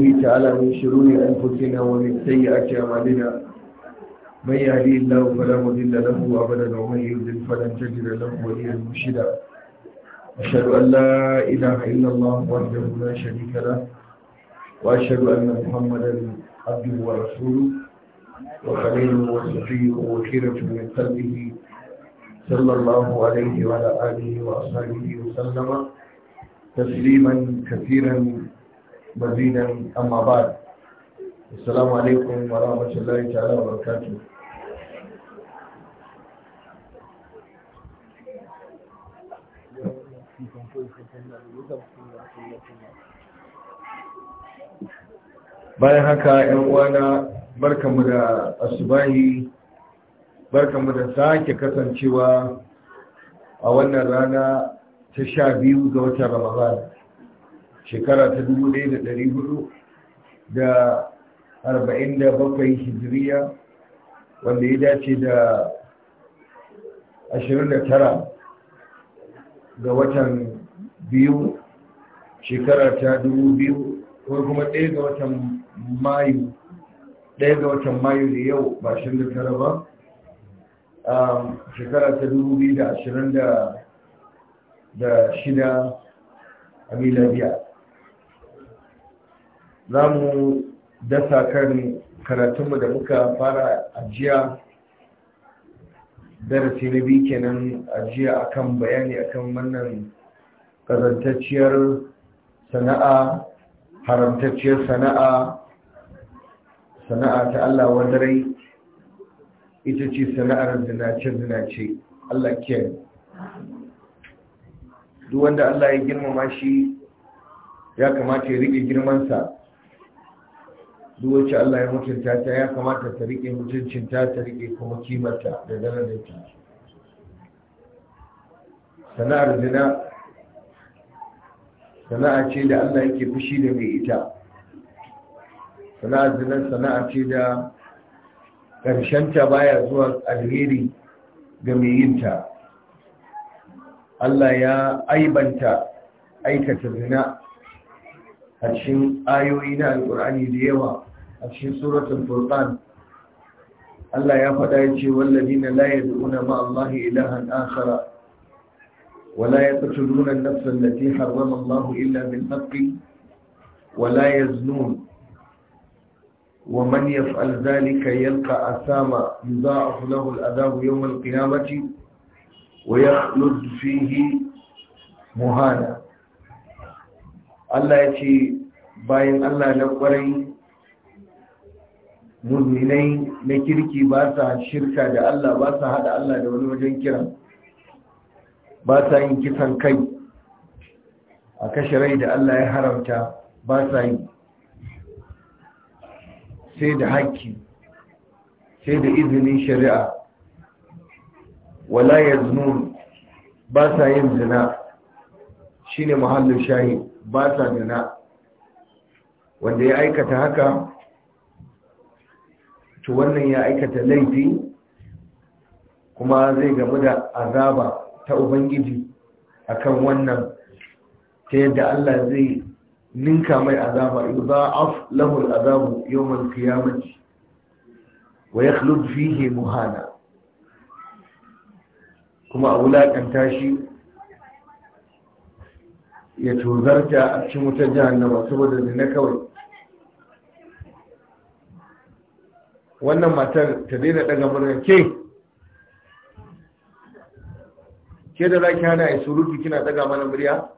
به تعالى من شرور أنفسنا ومن سيئات أعمالنا من يهدي الله فلا مضل له أبدا ومن يضلل فلن تجد له وليا مرشدا أشهد أن لا إله إلا الله وحده لا شريك له وأشهد أن محمدا عبده ورسوله وخليله وصفيه وخيرة من قلبه صلى الله عليه وعلى آله وأصحابه وسلم تسليما كثيرا مزيدا أما بعد السلام عليكم ورحمة الله تعالى وبركاته bayan haka 'yan uwana barkanmu da asubahi barkanmu da sake kasancewa a wannan rana ta sha biyu ga watan ramadan shekara ta dubu ɗaya da ɗari hudu da arba'in da bakwai hijiriya wanda ya dace da ashirin da tara ga watan biyu shekara ta dubu biyu ko kuma ɗaya ga watan mayu ɗaya ga watan mayu da yau ba ashirin da tara ba um, shekara ta dubu biyu da ashirin da shida a miladiya za mu dasa kan karatunmu da muka fara ajiya darasi na biyu kenan ajiya akan bayani akan wannan karantacciyar sana'a haramtacciyar sana'a sana'a ta Allah wanda ita ce sana'ar zinace-zinace Allah duk wanda Allah ya girmama shi ya kamata ya riƙe girmansa duk wacce Allah ya mutunta ta ya kamata ta rike mutuncin ta ta rike kuma kimarta da da ta sana'ar zina sana'a ce da Allah yake fushi da mai ita sana'ar zina sana'a ce da ta baya zuwa alheri ga mai yinta Allah ya aibanta aikata zina أجشين آيو إلى القرآن ديوة أجشين سورة الفرقان الله يفعل أجشي والذين لا يدعون مع الله إلها آخر ولا يقتلون النفس التي حرم الله إلا بالحق ولا يزنون ومن يفعل ذلك يلقى أسامة يضاعف له الأذاب يوم القيامة ويخلد فيه مهانا Allah ya ce bayan Allah na kwarai muminai na kirki ba sa shirka da Allah ba sa haɗa Allah da wani wajen kira ba sa yin kisan kai a kashe rai da Allah ya haramta ba sa yi sai da haƙƙi sai da izinin shari'a wala ya ba sa yin zina ne muhallin shayi. ba sa nuna wanda ya aikata haka to wannan ya aikata laifi kuma zai gamu da azaba ta ubangiji akan wannan ta yadda Allah zai ninka mai azaba yudha'af lahu lahul azabu yawon kiyamaci wa yakhlud fihi muhana kuma a wulaƙanta shi ya ta a cikin wutar jahannama saboda na kawai wannan matar ta daina daga murnar ke ke da za ki hana ya surutu kina daga mana murya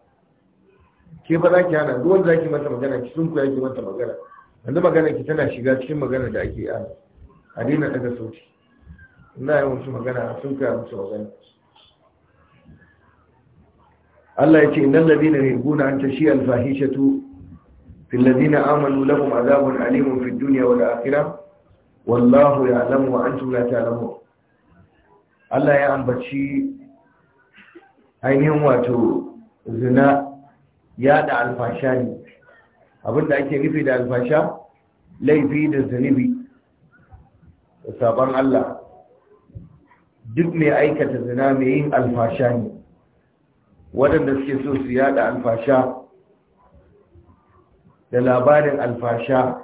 ke ba za ki hana duwan za ki mata magana ki sun kuya ki mata magana yanzu magana ki tana shiga cikin magana da ake a a daina daga sauti ina yi wasu magana sun kuya musu magana Allah ya ce innal ladina yuhibbuna an tashi al fahishatu fil ladina amanu lahum adhabun alimun fid dunya wal akhirah wallahu ya'lamu wa antum la ta'lamun Allah ya ambaci ainihin wato zina yada alfasha ne abinda ake nufi da alfasha laifi da zunubi da sabon Allah duk mai aikata zina mai yin alfasha ne waɗanda suke so su yada alfasha da labarin alfasha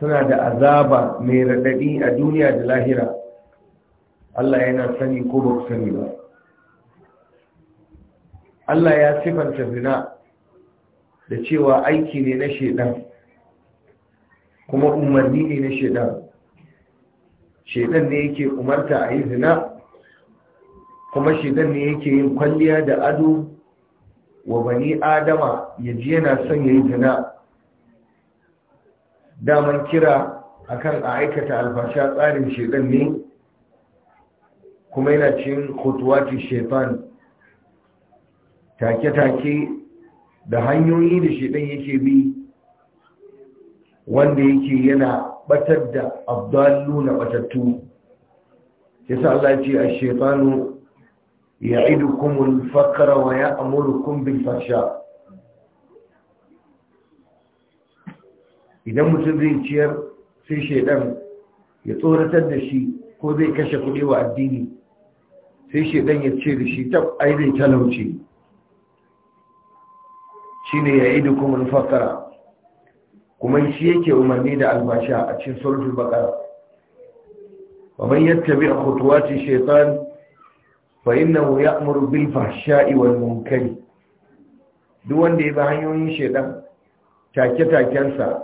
suna da azaba mai raɗaɗi a duniya da lahira Allah yana sani ko ba sani ba Allah ya sifanta zina da cewa aiki ne na shaidan kuma umarni ne na shaidan shaidan ne yake umarta a yi zina kuma shedan ne yake yin kwalliya da ado wa bani adama ya ji yana son ya yi zina daman kira akan a aikata alfasha tsarin shedan ne kuma yana cin kutuwati shefan take-take da hanyoyi da shedan yake bi wanda yake yana batar da abdallu na batattu yasa Allah ce a shefanu يعدكم الفقر kumbin fasha. idan mutum zai ciyar sai shaidan ya tsoratar da shi ko zai kashe kuɗi wa addini sai shaidan ya ce da shi tab ai talauci. Shi ne ya idu kuma alfaqara kuma shi yake umarni da albasha a cikin baƙar. Baban wa a hutuwa ce shaytan فإنه يأمر بالفحشاء والمنكر duk wanda ya bi hanyoyin shaidan take-takensa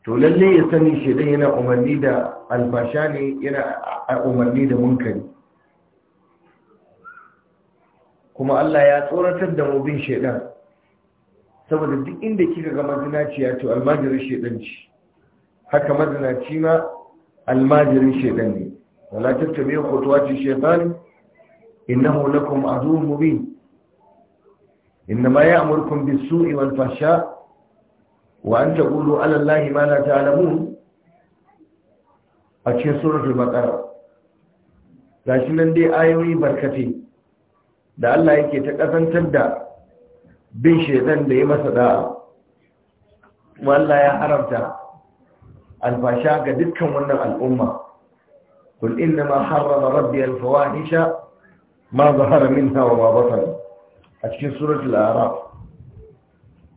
to lalle ya sani shaidan yana umarni da alfasha ne yana umarni da munkari kuma Allah ya tsoratar da mu bin shedan saboda duk inda kika ga mazinaciya to almajirin shaidan ci, haka mazinaci ma almajirin shaidan ne wala tattabe khutuwati shaytan إنه لكم عدو مبين إنما يأمركم بالسوء والفحشاء وأن تقولوا على الله ما لا تعلمون أشياء سورة البقرة لكن لدي آيوي بركتي da Allah yake ta kasantar da bin shedan da ya masa da'a kuma ya haramta alfasha ga dukkan wannan al'umma kul inna ma harrama rabbi al ma zahara minha wa ma batan a cikin suratul araf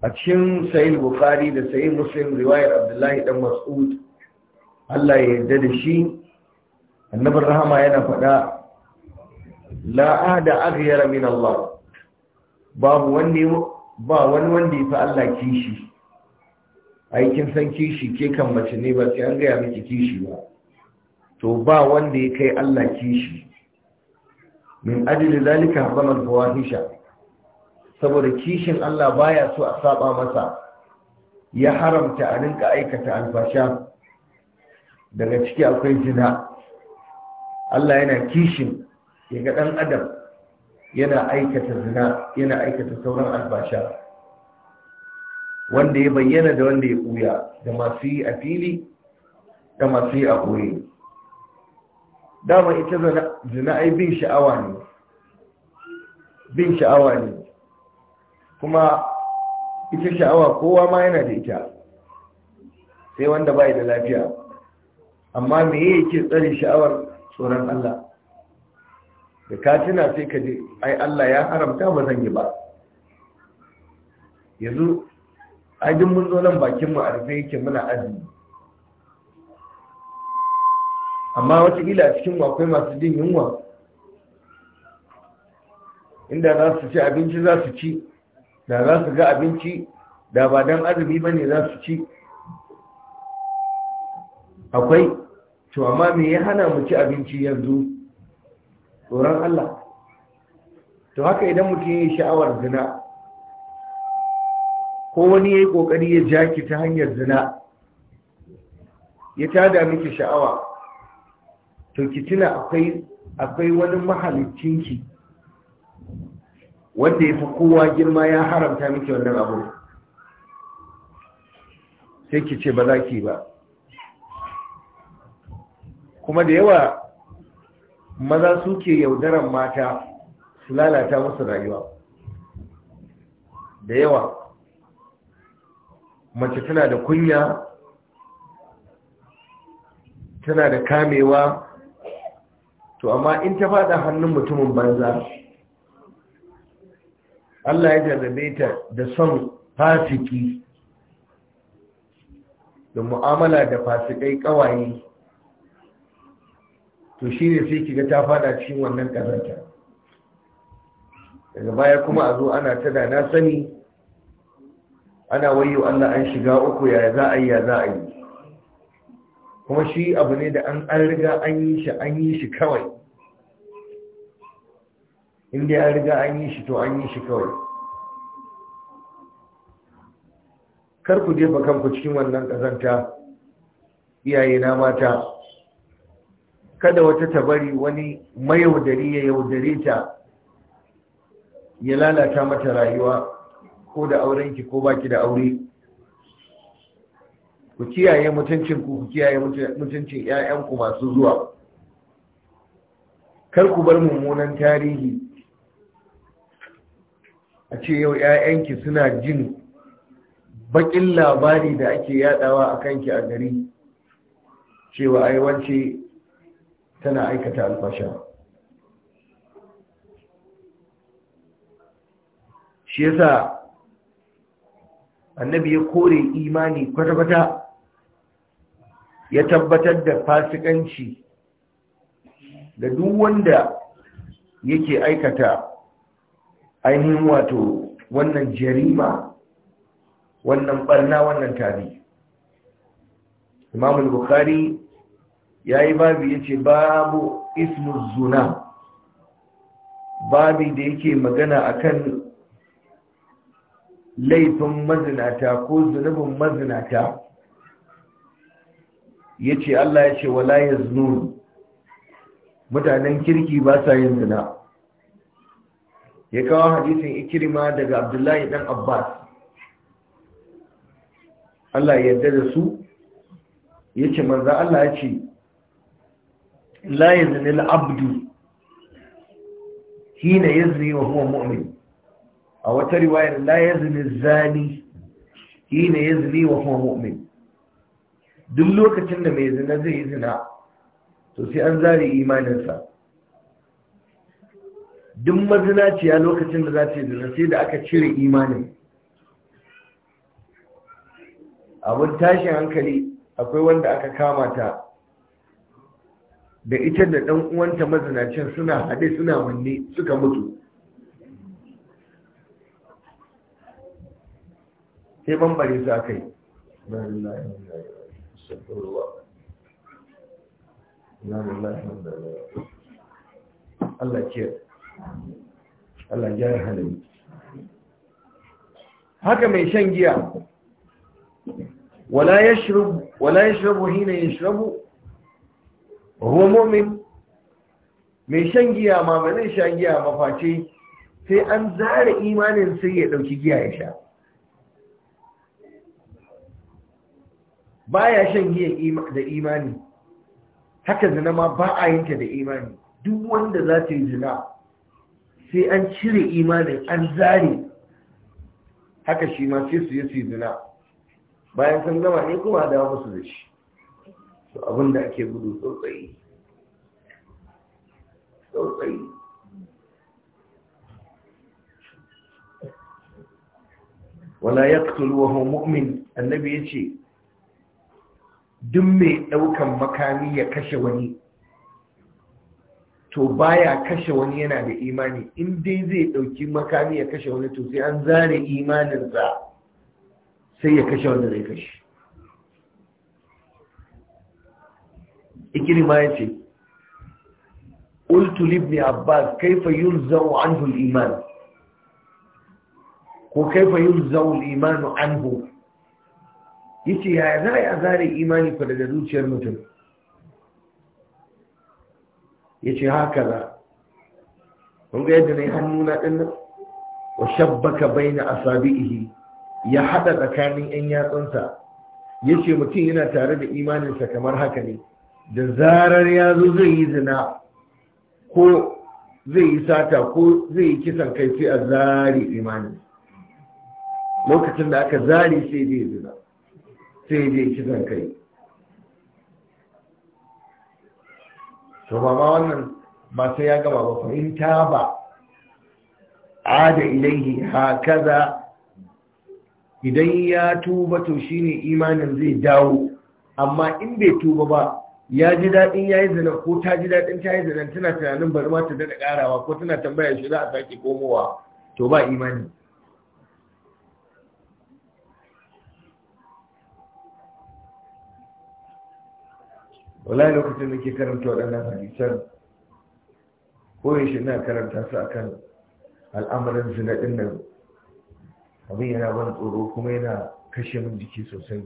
a cikin sahih bukhari da sahih muslim riwayar abdullahi dan mas'ud Allah ya yarda da shi annabin rahama yana faɗa la ahda aghyara min Allah babu ba wani wanda ya fi Allah kishi aikin san kishi ke kan mace ne ba sai an gaya miki kishi ba to ba wanda ya kai Allah kishi min ajli zalika harama al-fawahisha saboda kishin Allah baya so a saba masa ya haramta a rinka aikata alfasha daga ciki akwai zina Allah yana kishin ya ga dan adam yana aikata zina yana aikata sauran alfasha wanda ya bayyana da wanda ya buya, da masu yi a fili da masu yi a ɓoye dama ita zina ai bin sha'awa ne bin sha'awa ne kuma ita sha'awa kowa ma yana da ita sai wanda bai da lafiya amma me yake tsare sha'awar tsoron Allah da ka tuna sai ka je ai Allah ya haramta ba zan yi ba yanzu din mun zo nan bakin mu a rufe yake muna azumi amma wata watakila a cikin akwai masu jin yunwa inda za su ci abinci za su ci da za su ga abinci da ba don azumi ba ne za su ci akwai to amma me ya hana mu ci abinci yanzu tsoron Allah to haka idan mutum ya sha'awar zina ko wani ya yi ƙoƙari ya jaki ta hanyar zina ya tada miki sha'awa to ki tuna akwai akwai wani ki wanda yafi kowa girma ya haramta miki wannan abu sai ki ce ba za ki ba kuma da yawa maza suke yaudaran mata su lalata musu rayuwa da yawa mace tana da kunya tana da kamewa to amma in ta fada hannun mutumin banza Allah ya jarrabe ta da son fasiki da mu'amala da fasikai kawaye to shi ne sai kiga ta fada cikin wannan kazanta daga baya kuma a zo ana tada na sani ana wayo Allah an shiga uku ya za a yi ya za a yi kuma shi abu ne da an an riga an yi shi an yi shi kawai inda an riga an yi shi to an yi shi kawai kar ku jefa kanku cikin wannan kazanta, iyaye na mata kada wata ta bari wani mayaudari ya yaudare ta ya lalata mata rayuwa ko da aurenki ko baki da aure ku kiyaye mutuncin ku ku kiyaye mutuncin ƴaƴanku masu zuwa kar ku bar mummunan tarihi a ce yau ƴaƴanki suna jin baƙin labari da ake yadawa a kanki a gari cewa aiwance tana aikata alfasha shi yasa annabi ya kore imani kwata-kwata ya tabbatar da fasikanci da duk wanda yake aikata ainihin wato wannan jarima wannan barna wannan tari. imamul bukhari ya yi babu ya ce babu ismu zuna babi da yake magana akan laifin mazinata ko zunubin mazinata ya ce Allah ya ce wala ya mutanen kirki ba sa yin zina ya kawo hadisin ikirma daga abdullahi dan abbas Allah ya yarda da su ya ce Allah ya ce la ya zini al'abdu hina ya zini wa huwa mu'min a wata riwayar la ya zini zani hina ya zini wa huwa mu'min duk lokacin da mai zina zai yi zina to sai an zare imaninsa duk mazinaciya lokacin da za ta yi zina sai da aka cire imanin abin tashin hankali akwai wanda aka kama ta da ita da ɗan uwanta mazinacin suna haɗe suna wanne suka mutu sai bambare su aka yi استغفر الله الحمد haka mai shan giya wala yashrabu wala yashrabu hina yashrabu huwa mai shan giya ma ba zai sha giya ba sai an zara imanin sai ya ɗauki giya ya sha baya shan giya da imani haka zina ma ba a yinta da imani duk wanda za ta yi zina sai an cire imanin an zare haka shi ma sai su yi su yi zina bayan san gama ne kuma da wasu da shi su abinda ake gudu tsautsayi tsautsayi wala ya ƙtulu mu'min annabi ya ce duk mai ɗaukan makami ya kashe wani to baya kashe wani yana da imani in dai zai ɗauki makami ya kashe wani to sai an zare za, sai ya kashe wanda zai kashe ma ya ce ultulib libni abbas kaifa yun zau anhu iman ko kaifa yun zau an anhu yace yaya za a zare imani fa daga zuciyar mutum yace haka za kun ga yadda ne hannu na din nan wa shabbaka na asabihi ya hada tsakanin yan yatsunsa yace mutum yana tare da imaninsa kamar haka ne da zarar ya zo zai yi zina ko zai yi sata ko zai yi kisan kai sai a zare imanin? lokacin da aka zare sai zai zina sai dai kisan kai to ba wannan ba sai ya gaba ba in ta ba ada ilaihi hakaza idan ya tuba to shine imanin zai dawo amma in bai tuba ba ya ji daɗin ya yi zina ko ta ji daɗin ta yi zina tana tunanin bari ma ta daɗa ƙarawa ko tana tambaya shi za a sake komowa to ba imani wallahi lokacin da ke karanta waɗannan hadisan koyaushe na karanta su akan al'amarin zinaɗin nan abin yana ban tsoro kuma yana kashe min jiki sosai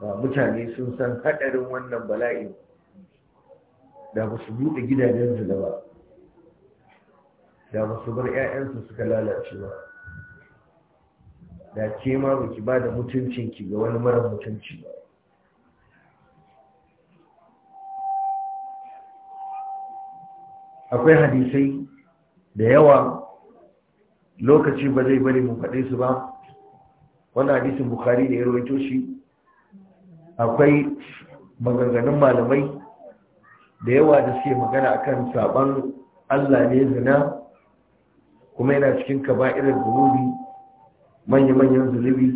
ba mutane sun san haɗarin wannan bala'i da ba su buɗe gidajen zina ba da ba su bar 'ya'yansu suka lalace ba da ke ma ba ki ba da mutuncinki ga wani mara mutunci ba akwai hadisai da yawa lokaci ba zai bari mu faɗe su ba wanda hadisin bukari da ya rawaito shi akwai maganganun malamai da yawa da suke magana akan saban Allah ne zina kuma yana cikin kaba'irar zunubi manya-manyan zunubi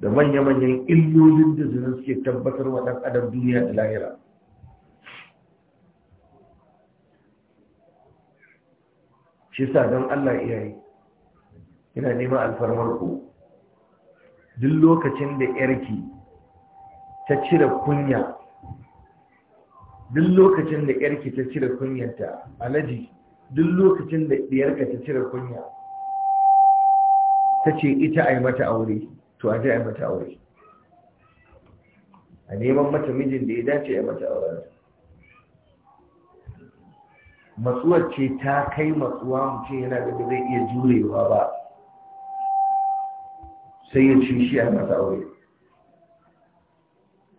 da manya-manyan illolin da zina suke tabbatar wa ɗan adam duniya da lahira shi sa don Allah iyaye ina neman alfarmar ku duk lokacin da yarki ta cire kunya duk lokacin da yarki ta cire kunyanta alaji duk lokacin da diyarka ta cire kunya ta ce ita yi mata aure to a je yi mata aure a neman mata mijin da ya dace yi mata aure matsuwar ce ta kai matsuwa mutum yana da zai iya jurewa ba sai ya ci shi a masa aure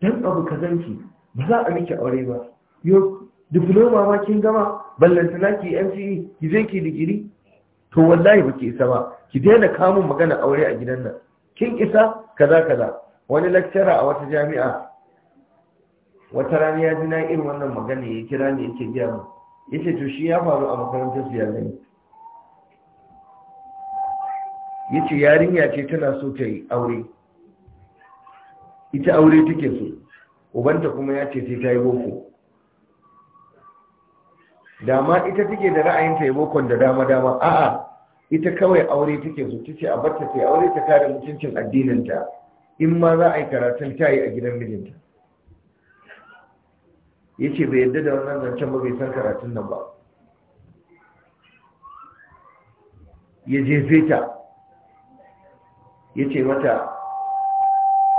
don abu ka zanki ba za a miki aure ba Yau diploma ma kin gama na ki MCE ki je ki digiri to wallahi ba ki isa ba ki daina kamun magana aure a gidan nan kin isa kaza kaza wani lakcara a wata jami'a wata rana ya ji na irin wannan magana ya kira ne yake gyara mu ya ce to shi ya faru a makarantar su ya ya ce yarinya ce tana so ta yi aure ita aure take so ubanta kuma ya ce sai ta yi boko dama ita take da ra'ayin ta yi bokon da dama-dama a'a ita kawai aure take so ta ce a barta ta yi aure ta kare mutuncin addininta in ma za a yi karatun ta yi a gidan mijinta ya ce bai yadda da wannan zancen ba bai san karatun nan ba ya jefe ta ya ce mata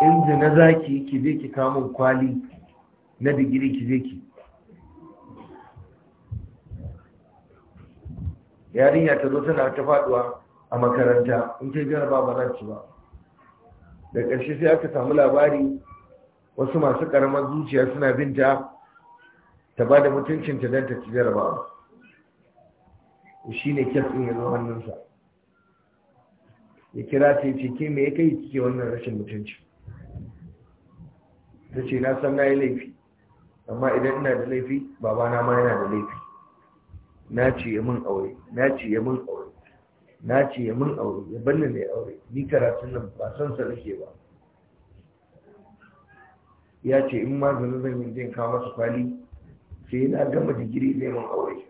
inda na zaki ki zai ki kamun kwali na digiri ki zai ki yarinya ta zo tana ta faduwa a makaranta in ta biyar ba nan ba da ƙarshe sai aka samu labari wasu masu ƙaramar zuciya suna binta ta ba da mutuncinta don ta ci jarabawa shi ne kyasin ya zo hannunsa ya kira ta yi ke mai ya kai cike wannan rashin mutunci ta ce na san na yi laifi amma idan ina da laifi babana ma yana da laifi na ce ya mun aure na ce ya mun aure na ce ya mun aure ya banna mai aure ni karatun nan ba san sa nake ba ya ce in ma zan zan yi jin kawo masa kwali sai na gama digiri zai man aure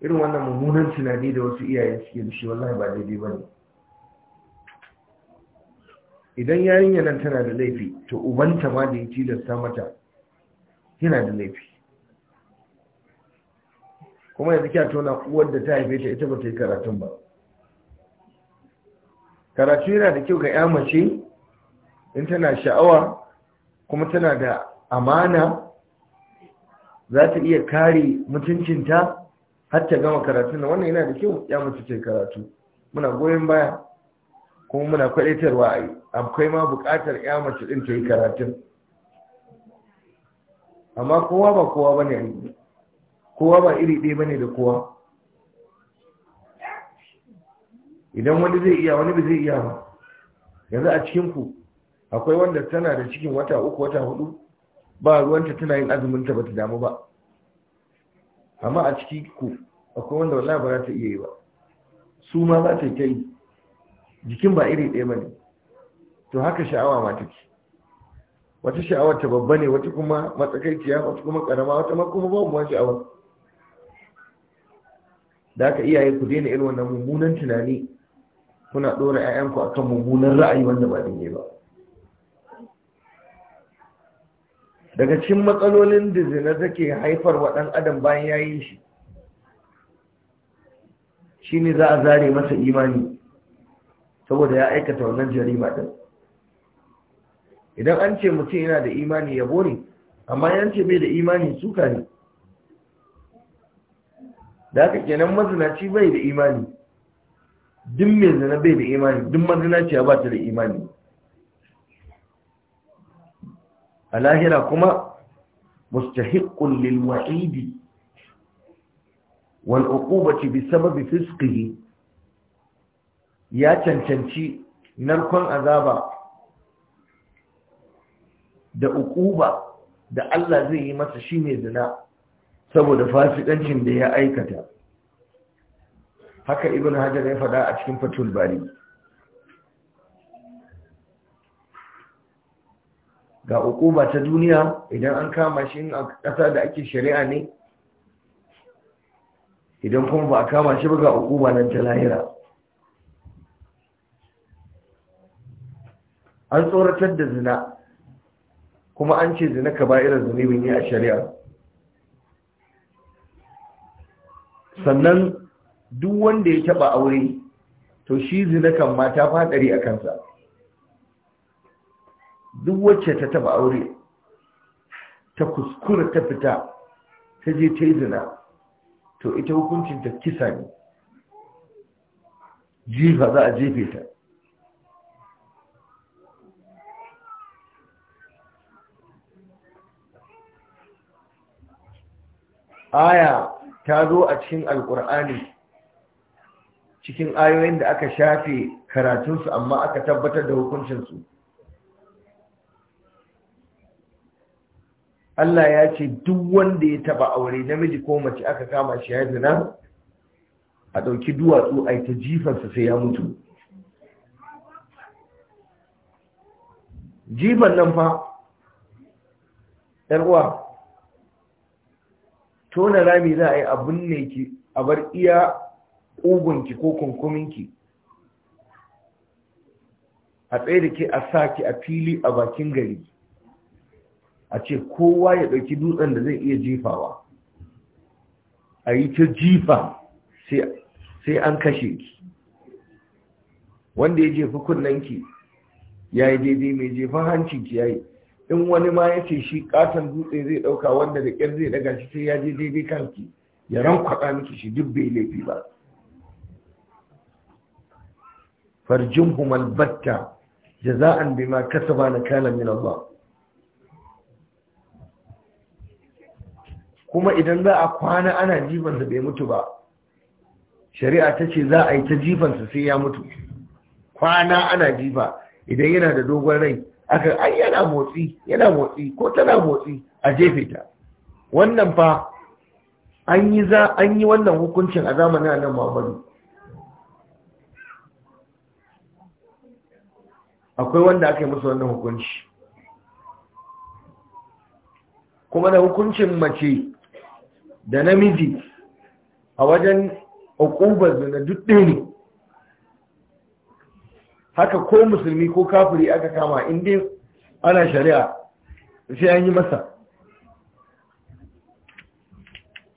irin wannan mummunan tunani da wasu iyayen suke da shi wallahi ba daidai ba ne idan yarinya nan tana da laifi to ubanta ma da ya tilasta mata yana da laifi kuma yanzu kya tona uwar da ta haife ta ita ba ta yi karatun ba karatu yana da kyau ga ya mace in tana sha'awa kuma tana da amana za ta iya kare mutuncinta har ta gama karatu na wannan yana da kyau ya mutu ce karatu muna goyon baya kuma muna kwadatarwa a yi akwai ma buƙatar ya mace ɗin ta yi karatun amma kowa ba kowa ba ne kowa ba iri ɗaya ba ne da kowa idan wani zai iya wani ba zai iya ba yanzu a cikinku akwai wanda tana da cikin wata uku wata hudu ba ruwanta tana yin azuminta ba ta damu ba amma a ciki ku akwai wanda wallahi ba za ta iya yi ba su ma za ta yi ta yi jikin ba iri ɗaya ba ne to haka sha'awa ma take wata sha'awar ta babba ne wata kuma matsakaiciya wata kuma karama wata ma kuma babu wani sha'awar da aka iyaye ku daina irin wannan mummunan tunani kuna ɗora 'ya'yanku akan mummunan ra'ayi wanda ba dinge ba daga cin matsalolin da zina take haifar wa ɗan adam bayan ya yi shi shi ne za a zare masa imani saboda ya aikata wannan jarima ɗin idan an ce mutum yana da imani ya bori, amma yan ce bai da imani suka ne da haka kenan mazinaci bai da imani duk mai zina bai da imani duk mazinaci ya ba ta da imani a lahira kuma mustahiqqun lil wa'idi wal uqubati bi sababi fisqihi ya cancanci narkon azaba da uquba da Allah zai yi masa shine zina saboda fasikancin da ya aikata haka ibnu hajar ya faɗa a cikin fatul bari ga hukuma ta duniya idan an kama shi a ƙasa da ake shari'a ne idan kuma ba a kama shi ba ga hukuma nan ta lahira an tsoratar da zina kuma an ce zina ka ba'irar zunubi mai a shari'a sannan duk wanda ya taɓa aure to shi zina kan mata fadari a kansa duk wacce ta taba aure ta kuskura ta fita ta je ta yi zina to ita hukuncin ta kisa ne jifa za a jefe ta aya ta zo a cikin alkur'ani cikin ayoyin da aka shafe karatunsu amma aka tabbatar da hukuncinsu Allah ya ce duk wanda ya taba aure namiji ko mace aka kama shi ya zina a ɗauki duwatsu a yi ta jifansa sai ya mutu jifan nan fa yaruwa tona rami za a yi abin ne ki a bar iya ƙugunki ko kunkuminki a tsaye da ke a sa ki a fili a bakin gari a ce kowa ya ɗauki dutsen da zai iya jifawa a yi ta jifa sai an kashe ki wanda ya jefi kunnanki ya yi daidai mai jefan hancinki ya yi in wani ma ya ce shi katon dutse zai ɗauka wanda da kyar zai daga shi sai ya je daidai kanki ya kwaɗa miki shi duk bai laifi ba farjin humal batta jaza'an bima kasaba na kana min Allah kuma idan za a kwana ana jifansa bai mutu ba shari'a ta ce za a yi ta jifansa sai ya mutu kwana ana jifa idan yana da dogon rai aka ai yana motsi yana motsi ko tana motsi a jefe ta wannan fa an yi za an yi wannan hukuncin a zamanin annabi Muhammadu akwai wanda aka yi musu wannan hukunci kuma da hukuncin mace da namiji a wajen hukubar zina duk ɗaya ne haka ko musulmi ko kafiri aka kama inda ana shari'a sai an yi masa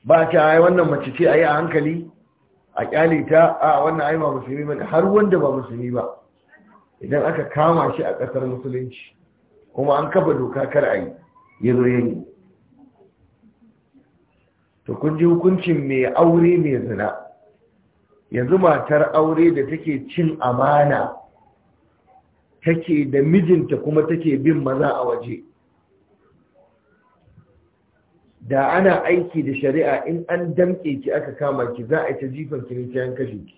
ba ta yi wannan mace ce a yi a hankali a kyale ta a wannan ai ba musulmi ba har wanda ba musulmi ba idan aka kama shi a ƙasar musulunci kuma an kafa doka kar a yi ya zo yanyi to kun ji hukuncin mai aure mai zina yanzu matar aure da take cin amana take da mijinta kuma take bin maza a waje da ana aiki da shari'a in an damke ki aka kama ki za a ta jifan ki ne ta ki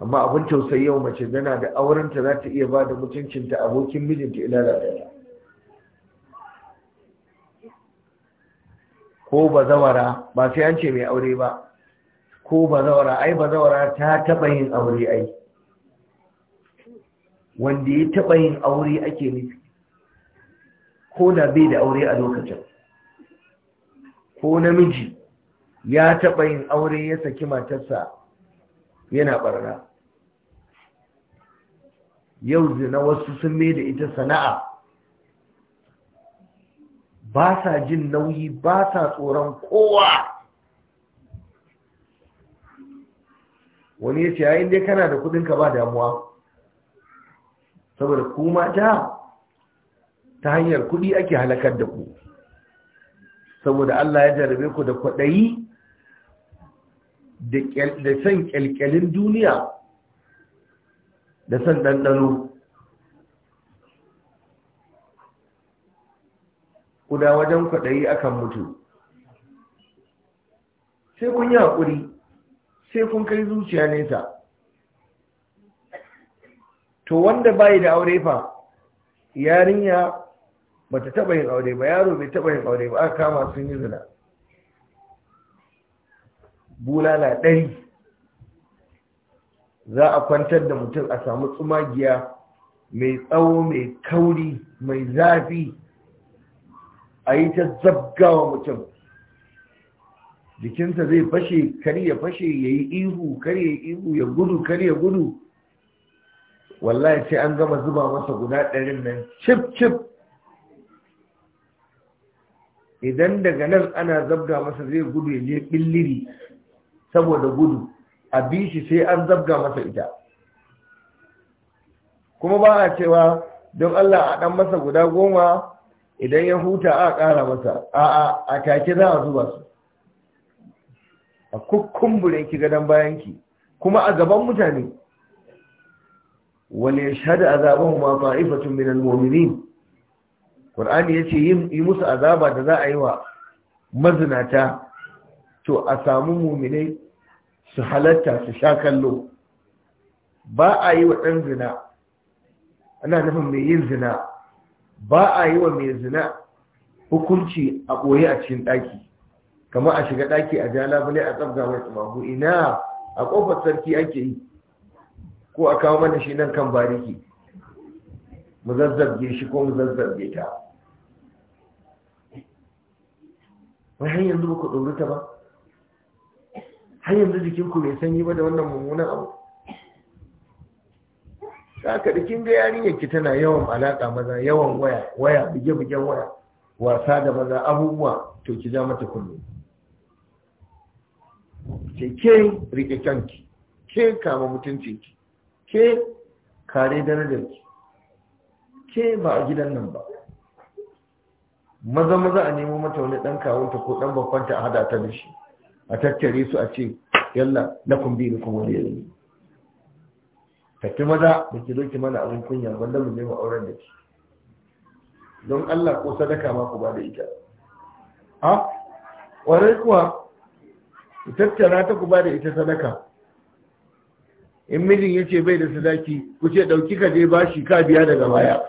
amma abin tausayi yau mace tana da aurenta za ta iya ba da mutuncinta abokin mijinta ila da ko ba zawara ba sai an ce mai aure ba ko ba zawara? ai ba zawara ta taɓa yin aure ai wanda ya taɓa yin aure ake nufi ko da bai da aure a lokacin ko namiji ya taɓa yin aure ya saki matarsa yana barna yau zina wasu sun mai da ita sana'a ba sa jin nauyi ba sa tsoron kowa wani ya ce yayin dai kana da kudinka ba damuwa saboda ku mata ta hanyar kudi ake halakar da ku saboda Allah ya jarabe ku da kwaɗayi da san kyalkyalin duniya da san ɗanɗano kuda wajen kwaɗayi akan mutu sai kun yi haƙuri sai kun kai zuciya nesa to wanda bai da aure fa yarinya ba ta taɓa yin aure ba yaro bai taɓa yin aure ba aka kama sun yi zina bulala ɗari za a kwantar da mutum a samu tsumagiya mai tsawo mai kauri mai zafi a yi ta zabgawa mutum jikinsa zai fashe kar ya fashe ya yi ihu kar ya ihu ya gudu kar ya gudu wallahi sai an gama zuba masa guda ɗarin nan cif cif idan daga nan ana zabga masa zai gudu ya je ɓilliri saboda gudu a bishi sai an zabga masa ita kuma ba a cewa don Allah a ɗan masa guda goma idan ya huta a kara masa a a take za a zuba su a kukkumbure ki bayan bayanki kuma a gaban mutane Wani ya shaɗa azabahu ma fa'ifatun mominin? mu'minin Qur'ani yace yi musu azaba da za a yi wa mazinata to a samu mu'minai su halatta su sha kallo ba a yi wa ɗan zina ana nufin mai yin zina ba a yi wa mai zina hukunci a ɓoye a cikin ɗaki kamar a shiga ɗaki a jala bane a tsabga mai tsumahu ina a ƙofar sarki ake yi ko a kawo mana shi nan kan bariki mu zazzabge shi ko mu zazzabge ta wai hanyar yanzu ba ku ɗauri ta ba har yanzu jikinku bai sanyi ba da wannan mummunan abu haka da kin ga yarinyar ki tana yawan alaka maza yawan waya waya buge bugen waya wasa da maza abubuwa to ki ja mata kullum. ke ke rike kanki ke kama mutunci ki, ke kare darajar ki, ke ba a gidan nan ba maza maza a nemo mata wani dan kawunta ko dan babbanta a hada ta da shi a tattare su a ce yalla na kuma wani waliya din tafi maza da ki doki mana abin kunya wanda mu nema auren da ke. don Allah ko sadaka ma ku ba da ita a ware kuwa ku tattara ta ku ba da ita sadaka in mijin ya ce bai da sadaki ku ce ɗauki ka je ba shi ka biya daga baya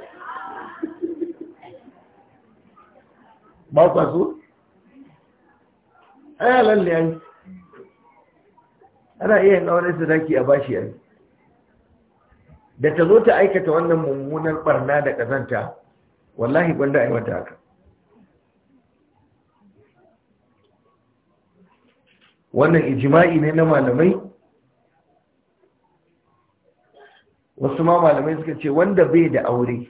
ba kwaso? so ai lalle ai ana iya yin auren sadaki a bashi ai da ta zo ta aikata wannan mummunan barna da kazanta wallahi gwanda a yi wata haka wannan ijima'i ne na malamai wasu ma malamai suka ce wanda bai da aure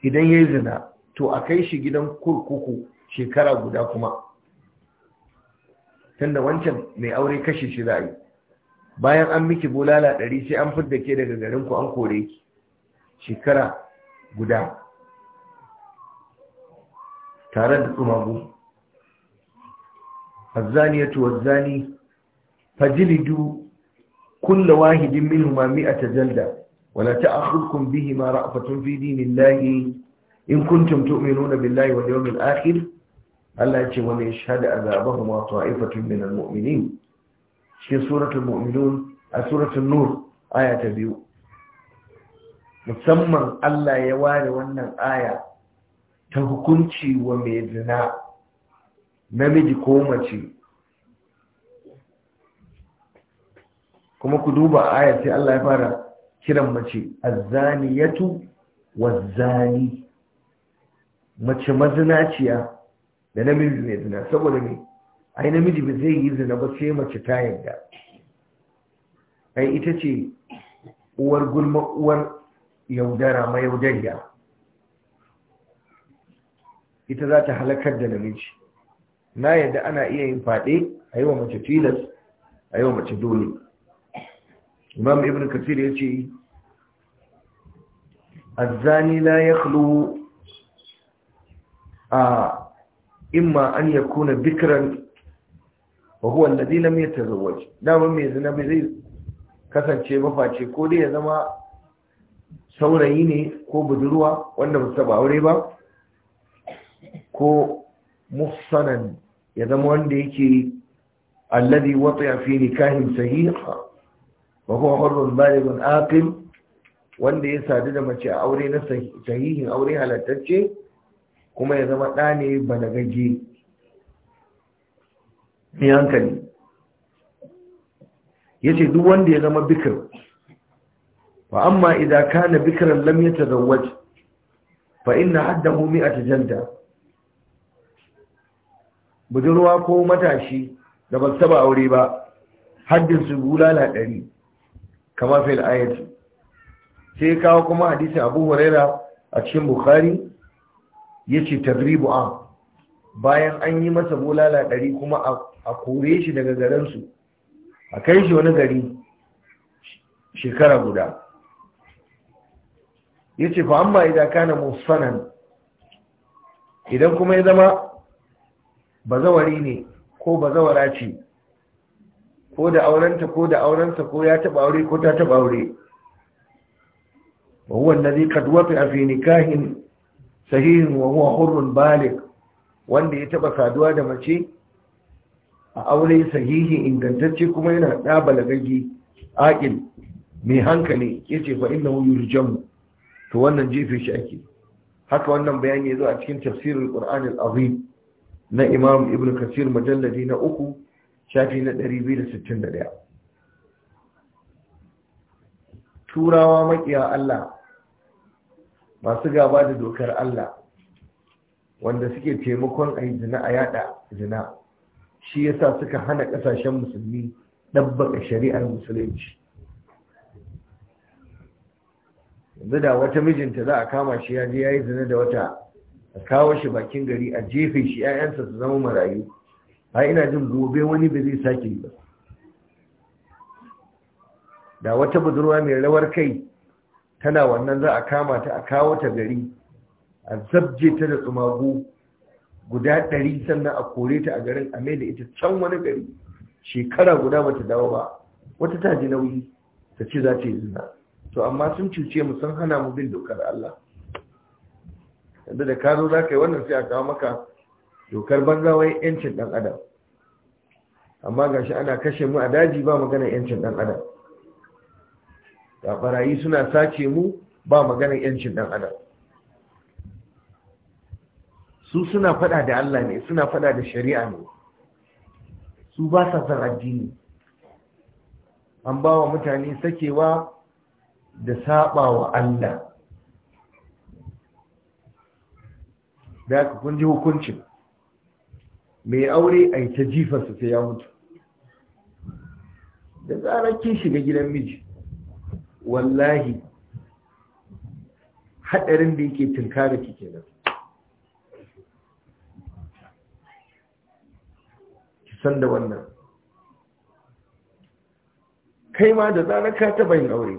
idan ya zina to a kai shi gidan kurkuku shekara guda kuma tunda wancan mai aure kashe shi za a yi bayan an miki bulala ɗari sai an fidda ke daga garin ku an kore ki shekara guda tare da tsumagu azzaniyatu wazzani fajlidu kullu wahidin minhuma mi'ata jalda wala bihi ma ra'fatun fi dinillahi in kuntum tu'minuna billahi wal yawmil akhir Allah ya ce wani ya sha a azabahu ma ta'ifatun min al-mu'minin cikin suratul mu'minun a suratul nur aya ta biyu musamman Allah ya ware wannan aya ta hukunci wa mai zina namiji ko mace kuma ku duba aya sai Allah ya fara kiran mace wa zani mace mazinaciya da namiji mai zina saboda me ai namiji ba zai yi zina ba sai mace ta yadda. ai ita ce uwar gulma uwar yaudara ma yaudariya ita za ta halakar da namiji na yadda ana iya yin faɗe a yi wa mace tilas a yi wa mace dole imam ibn kasir ya ce azzani la ya a imma an yakuna bikran wa na alladhi lam yatazawwaj dama mai zina bai zai kasance mafaci ko dai ya zama saurayi ne ko budurwa wanda ba aure ba ko muhsanan ya zama wanda yake alladhi wata fi nikahin sahih wa huwa hurrun balighun aqil wanda ya sadu da mace a aure na sahihin aure halatacce kuma ya zama ɗa ne balagagge mai hankali ya ce duk wanda ya zama bikir wa amma idan kana bikiran lam ya tazawwaj fa inna haddahu mi'at budurwa ko matashi da ba saba aure ba haddin su bulala ɗari kama fil ayati sai kawo kuma hadisi Abu Huraira a cikin Bukhari ya ce tadribu am bayan an yi masa bulala ɗari kuma a kore shi daga garinsu a kai shi wani gari shekara guda ya ce fa amma idan kana musanan idan kuma ya zama bazawari ne ko bazawara ce ko da aurenta ko da aurenta, ko ya taba aure ko ta taba aure wannan zai kadwafi a fi nikahin sahihin wa huwa hurrun balik wanda ya taba saduwa da mace a aure sahihi ingantacce kuma yana da balagaggi aqil mai hankali yace fa innahu yurjam to wannan jefe shi ake haka wannan bayani yazo a cikin tafsirul qur'an al-azim na imam ibn kasir majalladi na uku shafi na 261 turawa makiya Allah masu gaba da dokar Allah wanda suke taimakon a yi zina a yada zina shi yasa suka hana kasashen musulmi ɗabbaka shari'ar musulunci yanzu da wata mijinta za a kama shi ya je ya yi zina da wata a kawo shi bakin gari a jefe shi 'ya'yansa su zama marayu a ina jin gobe wani ba zai sake ba da wata budurwa mai rawar kai tana wannan za a kama ta a kawo ta gari a zabje ta da tsumagu guda ɗari sannan a kore ta a garin a mai da ita can wani gari shekara guda ba ta dawo ba wata ta ji nauyi ta ce za ta yi zina to amma sun cuce mu sun hana mu bin dokar Allah yadda da ka zo za ka yi wannan sai a kawo maka dokar banza wai yancin ɗan adam amma gashi ana kashe mu a daji ba magana yancin ɗan adam da barayi suna sace mu ba maganar yancin dan adam su suna fada da Allah ne suna fada da shari'a ne su ba sa san addini an ba wa mutane sakewa da saba wa Allah da ka kun hukuncin mai aure a yi ta jifarsa sai ya mutu da zarar kin shiga gidan miji wallahi haɗarin da yake tunkara ki kenan san da wannan kai ma da zarar ka taɓa yin aure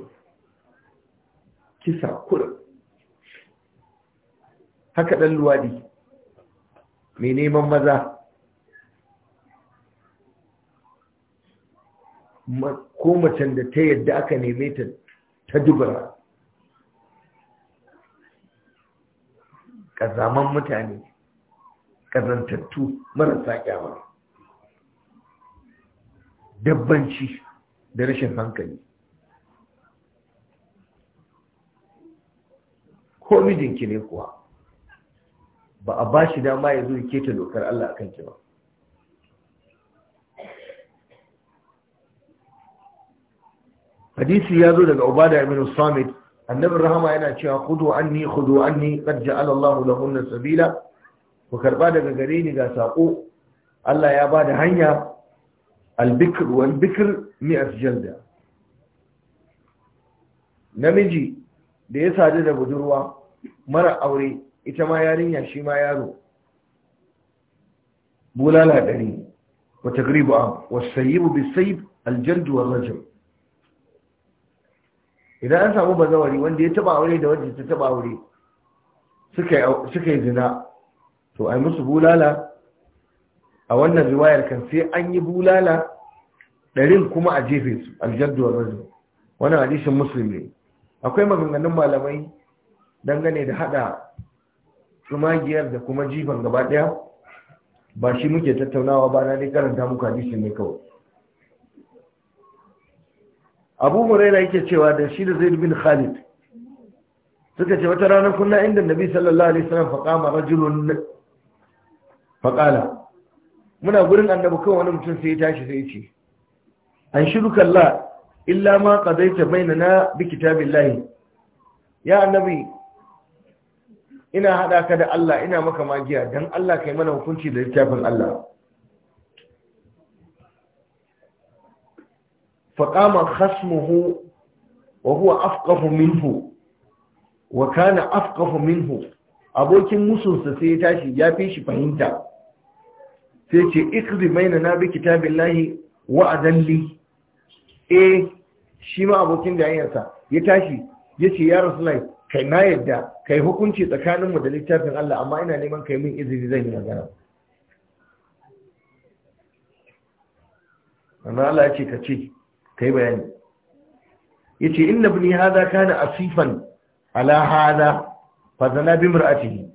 kisa kurin haka ɗan luwaɗi mai neman maza ko macen da ta yadda aka neme ta ta dubura kazaman mutane kazantattu marasa kyawa dabbanci da rashin hankali ko mijinki ne kuwa ba a ba shi dama ya zo ya keta dokar Allah a kanki ba hadisi ya zo daga ubada ibn samit annabin rahama yana cewa kudu anni kudu anni qad ja'ala da lahunna sabila ku karba daga gare ni ga sako Allah ya ba da hanya albikr wal bikr mi'at jalda namiji da ya sadu da budurwa mara aure ita ma yarinya shi ma yaro bulala dari wa tagribu am wasayibu bisayb aljald wal rajm idan an samu bazawari wanda ya taba aure da wanda ta taba aure suka yi zina to ai musu bulala a wannan riwayar kan sai an yi bulala ɗarin kuma a jefe su aljaddu wa wannan hadisin musulmi akwai maganganun malamai dangane da hada tsumagiyar da kuma jifan gaba ɗaya ba shi muke tattaunawa ba na ne karanta muku hadisin ne kawai abu huraira yake cewa da shi da zaid bin khalid suka ce wata ranar kunna inda nabi sallallahu alaihi wasallam faqama rajulun faqala muna gurin annabi kan wani mutum sai ya tashi sai ya ce an shiru Allah illa ma qadaita bainana bi kitabillahi ya annabi ina hada ka da Allah ina maka magiya dan Allah kai mana hukunci da littafin Allah فقام خصمه وهو أفقه منه وكان أفقه منه abokin ya tashi ya fi shi fahimta sai ce ikri maina na bi kitabin lahi wa'adalli e shi ma abokin jayayyarsa ya tashi ya ce ya rasulai kai na yadda kai hukunci tsakaninmu da littafin Allah amma ina neman kai min izini zan yi magana amma Allah ya ka ce kai bayani yace inna bini hadha kana asifan ala hadha fa zana bi mar'atihi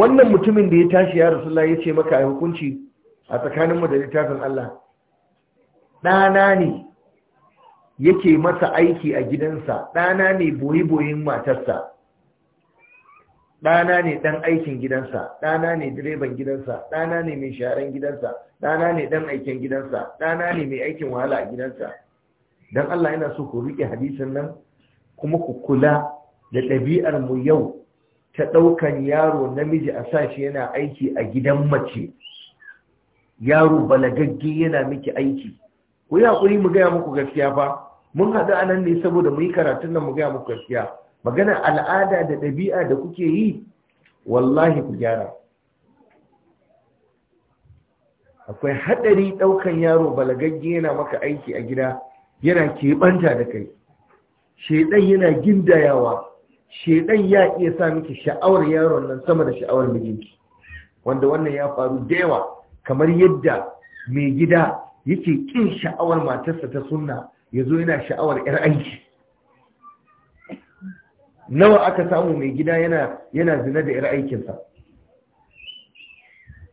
wannan mutumin da ya tashi ya rasu rasulullahi ce maka ai hukunci a tsakanin mu da littafin Allah ɗana ne yake masa aiki a gidansa ɗana ne boye boyin matarsa ɗana ne ɗan aikin gidansa ɗana ne direban gidansa ɗana ne mai sharan gidansa ɗana ne ɗan aikin gidansa ɗana ne mai aikin wahala a gidansa don Allah yana so ku riƙe hadisin nan kuma ku kula da ɗabi'ar mu yau ta ɗaukan yaro namiji a sashi yana aiki a gidan mace yaro balagagge yana miki aiki ku yi haƙuri mu gaya muku gaskiya fa mun haɗu a nan ne saboda mu yi karatun nan mu gaya muku gaskiya magana al'ada da ɗabi'a da kuke yi wallahi ku gyara akwai haɗari ɗaukan yaro balagagge yana maka aiki a gida yana keɓanta da kai shaidan yana gindayawa shaidan ya iya sa miki sha'awar yaron nan sama da sha'awar mijinki wanda wannan ya faru da yawa kamar yadda mai gida yake ƙin sha'awar matarsa ta sunna yazo yana sha'awar 'yar aiki nawa aka samu mai gida yana yana zina da yar aikinsa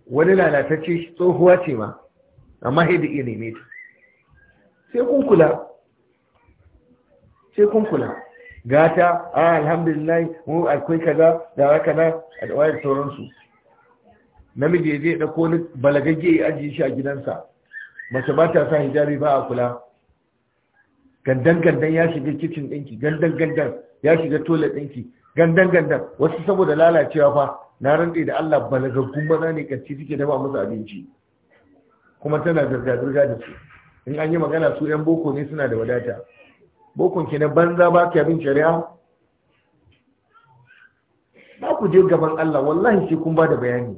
wani lalatacce tsohuwa ce ma amma sai ne iya ta sai kun kula sai kun gata a ah, alhamdulillah mu akwai kaza da haka na da wayar sauransu namiji ya zai dauko ni balagagge ya ajiye shi a gidansa mace ba ta sa hijabi ba a kula gandan gandan ya shiga kicin ɗinki gandan gandan ya shiga toilet ɗinki gandan gandan wasu saboda lalacewa fa na rantse da Allah balagaggun maza ne kanci suke dafa musu abinci kuma tana zirga zirga da su in an yi magana su yan boko ne suna da wadata bokon ki na banza ba ki abin shari'a ba ku je gaban Allah wallahi sai kun ba da bayani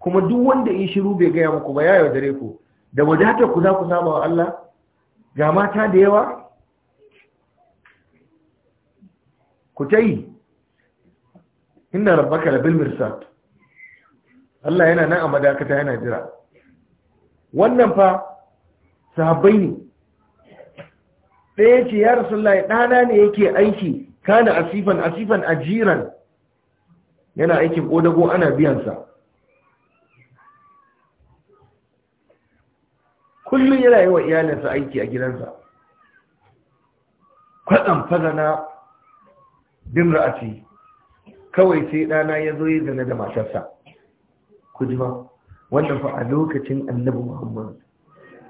kuma duk wanda yi shiru bai gaya muku ba ya yaudare ku da wadatar ku za ku saba wa Allah ga mata da yawa ku ta yi inna rabbaka labil mirsad Allah yana nan a madakata yana jira wannan fa sahabbai ne ɗaya ce ya rasulullahi ɗana ne yake aiki kana asifan asifan ajiran yana aikin ƙodago ana biyansa kullum yana yi wa iyalinsa aiki a gidansa kwaɗan fazana bin ra'ati kawai sai ɗana ya zo ya da matarsa ku ji ba wannan fa a lokacin annabi muhammad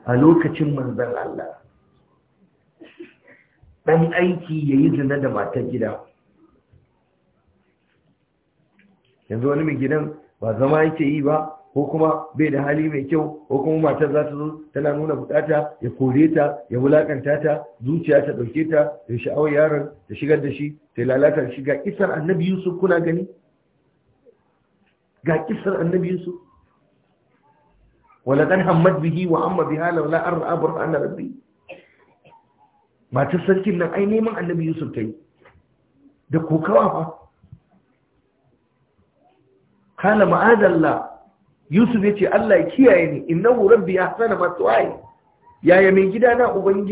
a lokacin manzan allah ɗan aiki ya yi zina da matar gida yanzu wani mai gidan ba zama yake yi ba ko kuma bai da hali mai kyau ko kuma matar za ta zo tana nuna bukata ya kore ta ya wulakanta ta zuciya ta dauke ta ya sha'awar yaron ta shigar da shi ta lalata shi ga kisar annabi yusuf kuna gani ga kisar annabi yusuf wala dan hammad bihi wa amma biha la an ra'a anna rabbi matar sarkin nan ai neman annabi yusuf ta yi da kokawa fa kana ma'adallah yusuf ya ce allah ya kiyaye ni innahu rabbi ahsana ya yaya mai gidana uban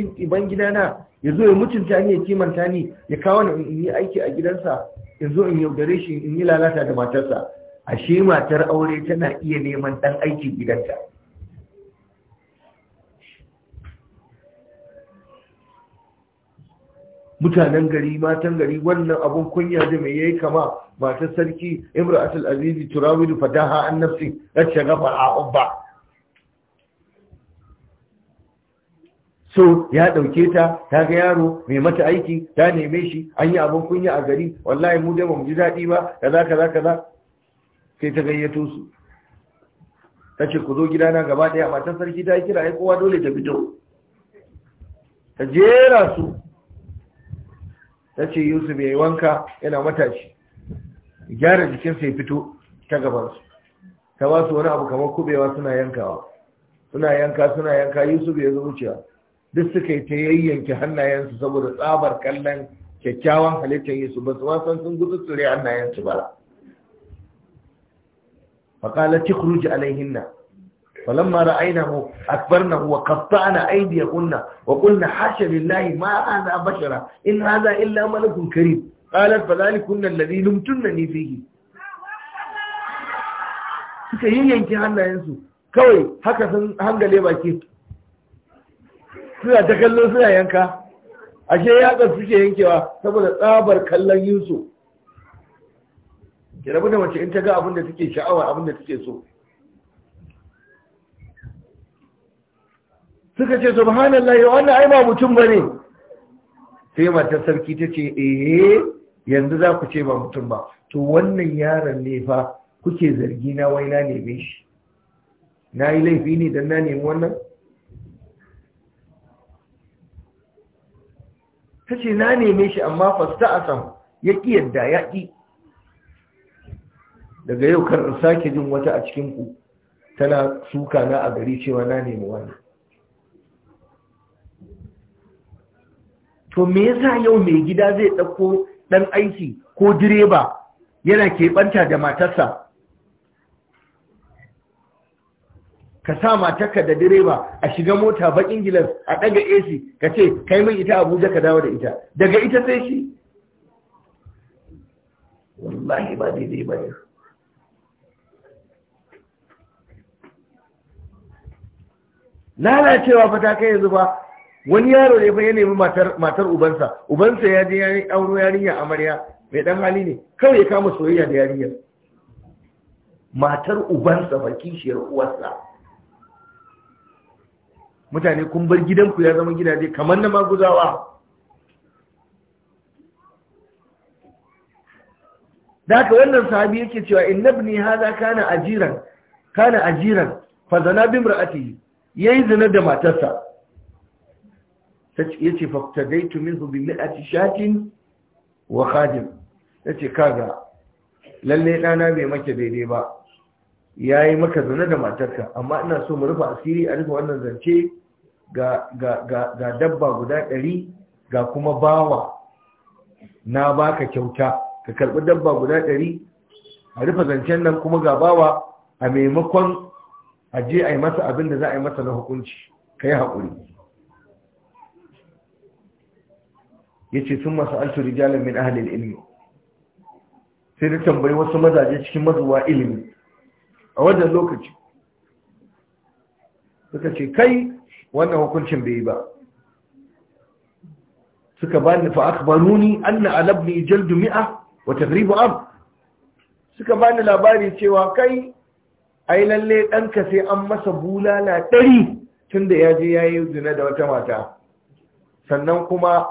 na ya zo ya mutunta ni ya kimanta ni ya kawo ni in yi aiki a gidansa in zo in yaudare shi in yi lalata da matarsa ashe matar aure tana iya neman dan aikin gidanta mutanen gari matan gari wannan abun kunya da mai yayi kama matar sarki imra'atul azizi turawidu fadaha an nafsi racce gafa a ubba so ya dauke ta ta ga yaro mai mata aiki ta neme shi an yi abun kunya a gari wallahi mu da mu ji daɗi ba kaza kaza kaza sai ta gayyato su ta ce ku zo gidana gaba ɗaya matar sarki ta kira ai kowa dole ta fito ta jera su ta ce yusuf ya yi wanka yana matashi gyara jikinsa ya fito ta gabansu ta ba su wani abu kamar kubewa suna yankawa suna yanka suna yanka yusuf ya zo wucewa duk suka yi ta yayyanke hannayensu saboda tsabar kallon kyakkyawan halittar yusuf ba su ma san sun gudu rai hannayensu ba faƙala kuruji alaihinna فلما رأيناه أكبرنه وقطعنا أيديهن وقلنا حاشا لله ما هذا بشرا إن هذا إلا ملك كريم قالت فذلكن الذي لمتنني فيه suka yi yanki hannayensu kawai haka sun hangale baki suna ta kallon suna yanka ashe yaƙar suke yankewa saboda tsabar kallon yinsu ki rabu da mace in ta ga abin da take sha'awa abin da take so suka ce subhanallah wannan ai ba mutum bane sai mata sarki tace ce eh yanzu za ku ce ba mutum ba to wannan yaron ne fa kuke zargi na wai na neme shi na yi laifi ne dan na nemi wannan ta ce na neme shi amma fasta a sam ya ki yadda ya ki daga yau kar sake jin wata a cikinku tana suka na a gari cewa na nemi wannan to me yasa yau mai gida zai ɗauko ɗan aiki ko direba yana keɓanta da matarsa ka sa matarka da direba a shiga mota baƙin gilas a ɗaga AC ka ce kai min ita Abuja ka dawo da ita daga ita sai shi wallahi ba daidai ba ne lalacewa fa ta kai yanzu ba wani yaro ne fa ya nemi matar matar ubansa ubansa ya je yayin auro yarinya amarya mai dan hali ne kawai ya kama soyayya da yarinya matar ubansa ba kishiyar uwarsa mutane kun bar gidanku ya zama gidaje kamar na maguzawa da wannan sahabi yake cewa innabni hadha kana ajiran kana ajiran fa zana bi imra'atihi yayi zina da matarsa yace faftadaitu minhu bi mi'ati shatin wa khadim yace kaga lalle dana bai maka daidai ba yayi maka zane da matarka amma ina so mu rufa asiri a rufe wannan zance ga ga dabba guda 100 ga kuma bawa na baka kyauta ka karbi dabba guda ɗari, a rufe zancen nan kuma ga bawa a maimakon aje a yi masa abin da za a yi masa na hukunci Ka yi haƙuri yace masu sa'altu rijalan min ahalin ilmi sai da tambayi wasu mazaje cikin mazuwa ilimi a wajen lokaci suka ce kai wannan hukuncin bai yi ba suka bani fa akhbaruni anna alabni jaldu mi'a wa tagribu am suka bani labari cewa kai ai lalle ɗanka sai an masa bulala ɗari Tunda yaje ya je ya zina da wata mata sannan kuma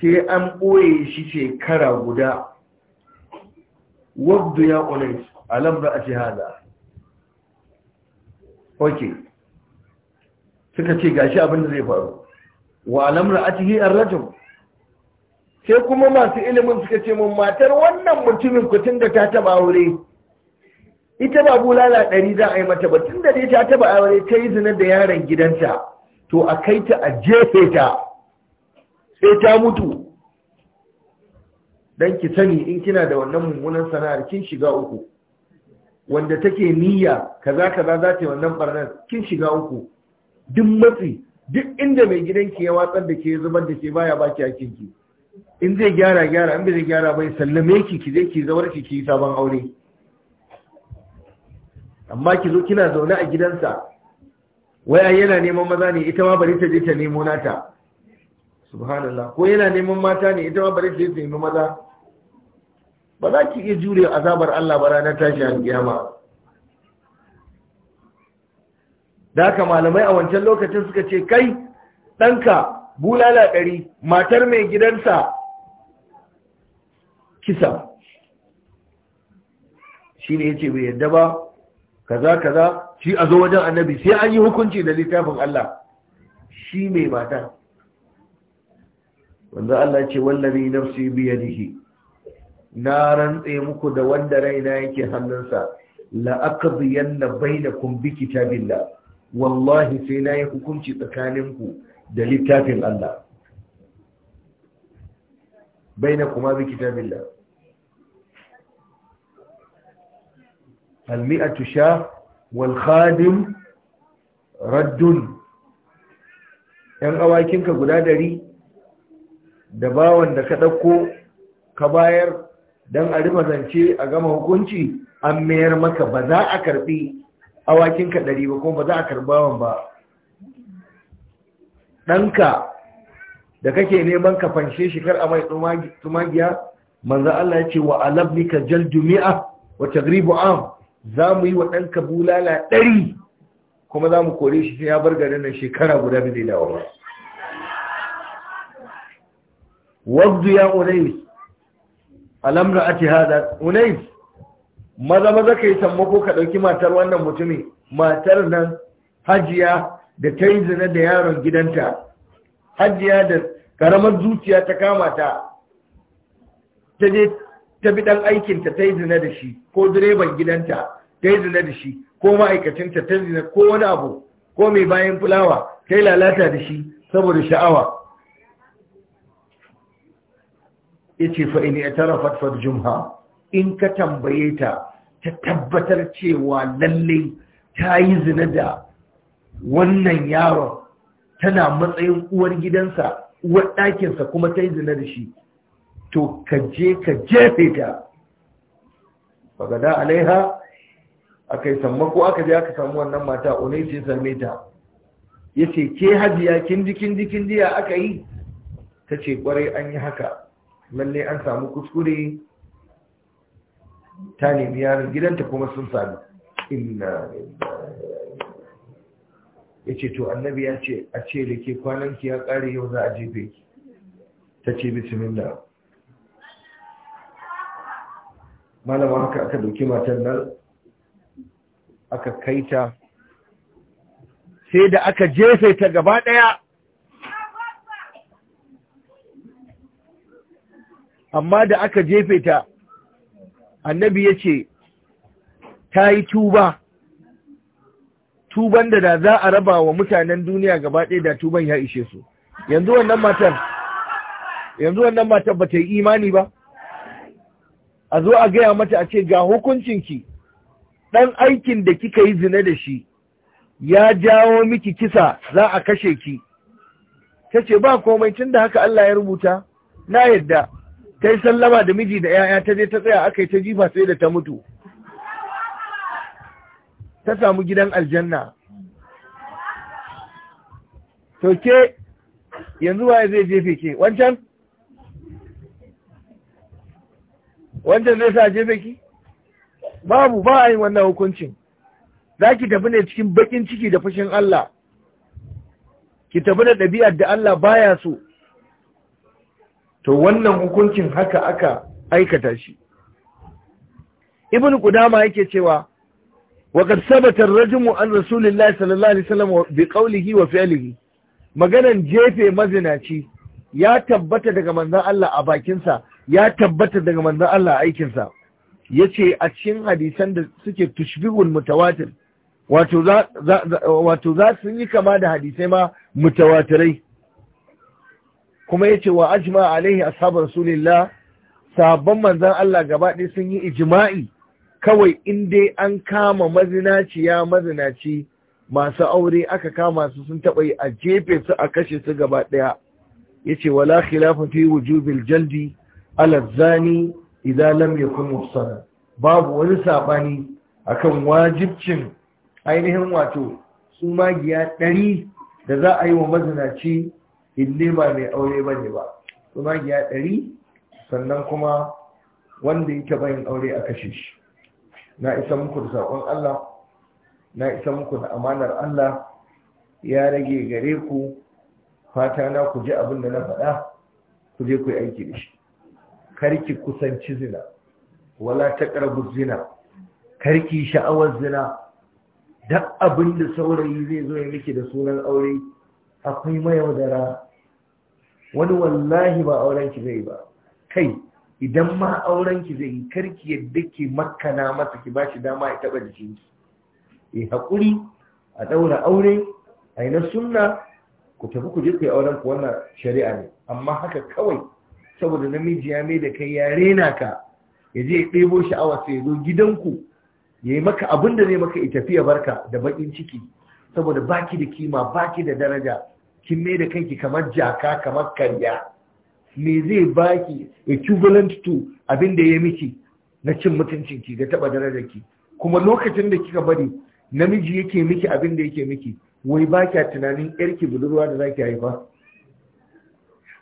sai an ɓoye shi shekara guda wadda ya ƙunai alamra a shahada ok suka ce gashi abinda zai faru wa alamra a cikin arrajin sai kuma masu ilimin suka ce mun matar wannan mutumin kutun da ta taba aure ita ba bulala ɗari za a yi mata ba tun da dai ta taba aure ta yi zinar da yaron gidanta to a kai ta a jefe ta sai ta mutu dan ki sani in kina da wannan mummunan sana'ar kin shiga uku wanda take niyya kaza kaza za ta wannan barnar kin shiga uku duk matsi duk inda mai gidanki ya watsar da ke zubar da ke baya baki a kinki in zai gyara gyara in bai zai gyara bai sallame ki ki zai ki zabar ki ki sabon aure amma ki zo kina zaune a gidansa waya yana neman maza ne ita ma bari ta je ta nemo nata subhanallah ko yana neman mata ne ita ma bare sai su nemi maza ba za ki iya jure azabar Allah ba ranar tashi alkiyama da haka malamai a wancan lokacin suka ce kai ɗanka bulala ɗari matar mai gidansa kisa shi ne ya ce bai yadda ba kaza kaza shi a zo wajen annabi sai an yi hukunci da littafin Allah shi mai mata wanda Allah ce wallabi nafsi biyadihi na rantse muku da wanda raina yake hannunsa la'aqdiyanna bainakum bi kitabillah wallahi sai na yi hukunci tsakaninku da littafin Allah bainakuma bi kitabillah al-mi'atu sha wal khadim raddun yan awakinka guda dari da bawan da ka ɗauko ka bayar don a rima zance a gama hukunci an mayar maka ba za a karɓi awakinka ɗari ba kuma ba za a karɓawan ba ɗanka da kake neman ka fanshe shi kar a mai tumagiya manzan Allah ya ce wa alabnika jal jumi'a wa tagribu am za mu yi wa ɗanka bulala ɗari kuma za mu kore shi sai ya bar garin nan shekara guda bai dawo ba wadda ya unais alamra ati hada unais maza maza ka yi tambako ka ɗauki matar wannan mutumin matar nan hajiya da ta yi zina da yaron gidanta hajiya da karamar zuciya ta kama ta ta je ta bi ɗan aikinta ta yi zina da shi ko direban gidanta ta yi zina da shi ko ma'aikacinta ta yi zina ko wani abu ko mai bayan fulawa ta yi lalata da shi saboda sha'awa yace fa tara fatfar jumha in ka tambaye ta ta tabbatar cewa lalle ta yi zina da wannan yaron tana matsayin uwar gidansa uwar ɗakinsa kuma ta yi zina da shi to ka je ka jefe ta bagada alaiha aka yi sammako aka je aka samu wannan mata onai ce same ta ya ce ke hajiya kindi kindi kindi ya aka yi ta ce kwarai an yi haka lalle an samu kuskure ta nemi yaran gidanta kuma sun sami inna ya ce to annabi ya ce a ce da ke kwananki ya ƙare yau za a jefe ta ce bismillah malama haka aka doki matan nan aka kaita sai da aka jefe ta gaba ɗaya amma da aka jefe ta annabi ya ce ta yi tuba tuban da da za a raba wa mutanen duniya gaba ɗaya da tuban ya ishe su yanzu wannan matar yanzu wannan matar ba ta yi imani ba a zo a gaya mata a ce ga hukuncinki ɗan aikin da kika yi zina da shi ya jawo miki kisa za a kashe ki ta ce ba komai tun da haka Allah ya rubuta na yadda ta yi sallama da miji da 'ya'ya ta je ta tsaya aka yi ta jifa sai da ta mutu ta samu gidan aljanna to ke yanzu waye zai jefe ke wancan wancan zai sa jefe ki babu ba a yi wannan hukuncin za ki tafi ne cikin bakin ciki da fushin Allah ki tafi da ɗabi'ar da Allah baya so to wannan hukuncin haka aka aikata shi ibn qudama yake cewa wa qad sabata ar-rajmu an rasulillahi sallallahu alaihi wasallam bi qawlihi wa fi'lihi maganan jefe mazinaci ya tabbata daga manzon Allah a bakinsa ya tabbata daga manzon Allah a aikinsa yace a cikin hadisan da suke tushbihul mutawatir wato za wato za su yi kama da hadisai ma mutawatirai kuma yace wa ajma alaihi ashabu rasulillah sahabban manzon Allah gaba ɗaya sun yi ijima'i? kawai in dai an kama mazinaciya mazinaci masu aure aka kama su sun taɓa yi a jefe su a kashe su gaba ɗaya yace wala khilafin fi wujubil jaldi ala zani idan lam yakun mufsana babu wani sabani akan wajibcin ainihin wato su magiya ɗari da za a yi wa mazinaci hille ba mai aure ba ne ba suna ya ɗari sannan kuma wanda yake bayan aure a kashe shi na isa muku da saƙon Allah na isa muku da amanar Allah ya rage gare ku fata na ku ji abin da na faɗa ku je ku yi aiki da shi karki kusanci zina wala ta ƙarbu zina karki sha'awar zina duk abin da saurayi zai zo ya miki da sunan aure akwai mayaudara wani wallahi ba aurenki ki zai ba kai idan ma auren ki zai karki yadda ki makana masa ki ba shi dama ya taba jikin E, haƙuri hakuri a ɗaura aure a na suna ku tafi ku je ku yi auren ku wannan shari'a ne amma haka kawai saboda namiji ya mai da kai ya rena ka ya je ya ɗebo sha'awa sai ya zo gidanku ya yi maka abin da zai maka ya tafiya barka da baƙin ciki saboda baki da kima baki da daraja kin mai da kanki kamar jaka kamar karya me zai baki equivalent to abin da ya miki na cin mutuncin ki ga taba darajar ki kuma lokacin da kika bari namiji yake miki abin da yake miki wai baki a tunanin yarki budurwa da zaki haifa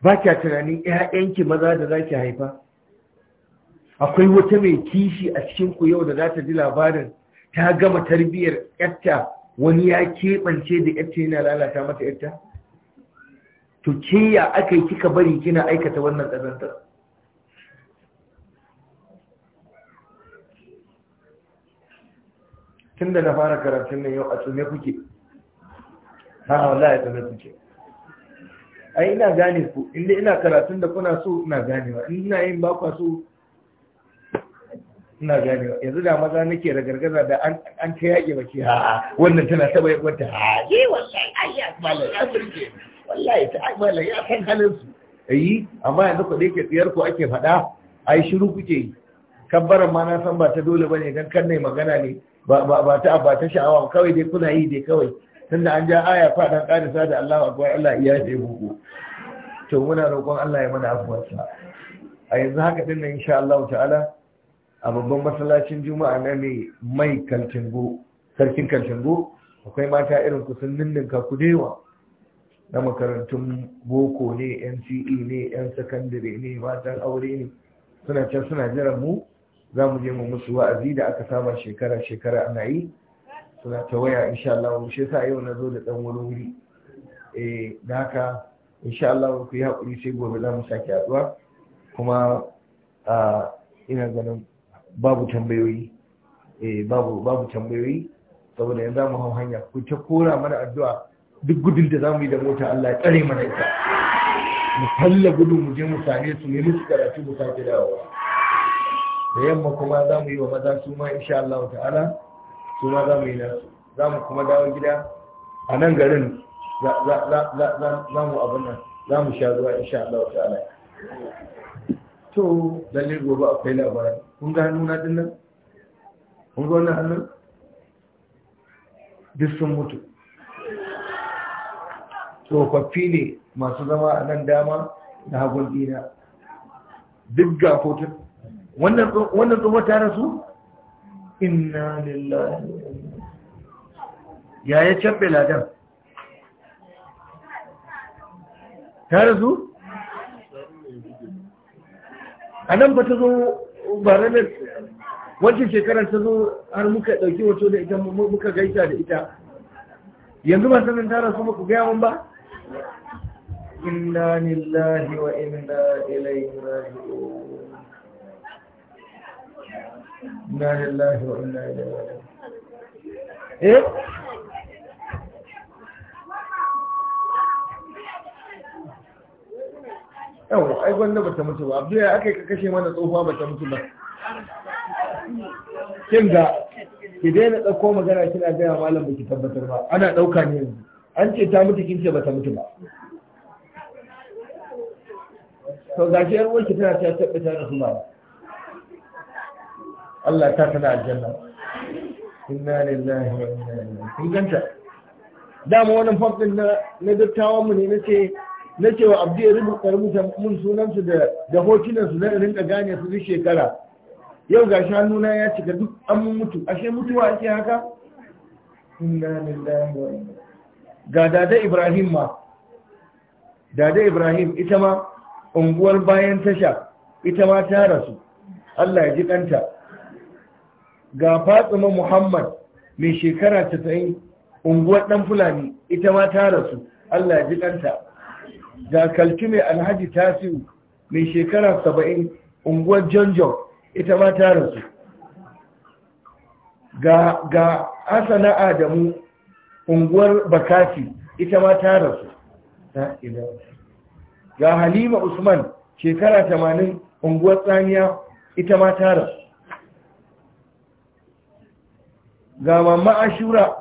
Baki a tunanin ƴaƴanki maza da zaki haifa akwai wata mai kishi a cikin ku yau da za ta ji labarin ta gama tarbiyyar ƴatta wani ya keɓance da yarta yana lalata mata yarta to ke ya aka yi kika bari kina aikata wannan ƙazantar tun da na fara karatun nan yau a tsume kuke ha ya tsume kuke ai ina gane ku inda ina karatun da kuna so ina ganewa ina yin bakwa so ina gane yanzu da maza nake ragargaza da an ta yaƙi baki ha wannan tana ta bai wata ha yi wallahi ai ya malam ya burge wallahi ta ai ya san halin su yi amma yanzu ku dai tsiyar ku ake faɗa ai shiru kuke yi kabbaran ma na san ba ta dole bane dan kan magana ne ba ba ta ba ta sha'awa kawai dai kuna yi dai kawai tunda an ja aya fa dan karisa da Allahu akbar Allah iya ce buku to muna roƙon Allah ya mana afuwarsa a yanzu haka din nan sha Allah ta'ala a babban masallacin juma'a na ne mai kaltingo sarkin kaltingo akwai mata irin kusan sun ka ku dewa na makarantun boko ne nce ne yan sakandare ne matan aure ne suna can suna jiran mu za mu je mu musu wa'azi da aka saba shekara shekara ana yi suna ta waya insha Allah mu shi sa yau na zo da dan wuri wuri eh da haka insha Allah ku yi hakuri sai gobe za mu sake haduwa kuma ah, ina ganin babu tambayoyi eh babu babu tambayoyi saboda yanzu mu hau hanya ku ta kora mana addu'a duk gudun da zamu yi da mota Allah ya tsare mana ita mu falla gudu mu je mu same su ne musu karatu mu sake dawowa da yamma kuma za mu yi wa maza su ma insha Allah ta'ala su ma za mu yi nasu za mu kuma dawo gida a nan garin za mu abin nan za mu sha zuwa insha Allah ta'ala to lalle gobe akwai labarai kun ga nuna dinnan kun ga wannan hannun duk sun mutu tsofaffi ne masu zama a nan dama na hagun dina duk ga kotun wannan tsohon ta rasu inna lillahi ya ya can ladan ta rasu a nan ba ta zo ba ranar wancan shekarar ta zo har muka ɗauki wato da ita muka gaisa da ita yanzu ba sanin tara su muku gaya mun ba inna lillahi wa inna ilaihi raji'un inna lillahi wa inna ilaihi raji'un eh yawa ai gwanda bata mutu ba abu ya aka yi kashe mana tsohuwa bata mutu ba kin ga ki daina ɗauko magana kina gaya malam ba ki tabbatar ba ana ɗauka ne yanzu an ce ta mutu kin ce bata mutu ba to ga shi yarwar ki tana ta tabbata da suna Allah ta tana aljanna inna lillahi wa inna ilaihi kun ganta dama wannan fafin na dattawan mu ne ce. na cewa abdi ya rubuta mun sunansu da hotunansu na da gane su duk shekara yau ga na ya cika duk an mutu ashe mutuwa ake haka inna lillahi wa ga dada ibrahim ma dada ibrahim ita ma unguwar bayan tasha ita ma ta rasu Allah ya ji kanta ga fatima muhammad mai shekara 90 unguwar dan fulani ita ma ta rasu Allah ya ji kanta jakalci mai alhaji tasiru mai shekara saba'in unguwar jonjon ita ma ta rasu ga asana adamu unguwar bakati ita ma ta rasu ga halima usman shekara tamanin unguwar tsaniya ita ma ta rasu ga mamma ashura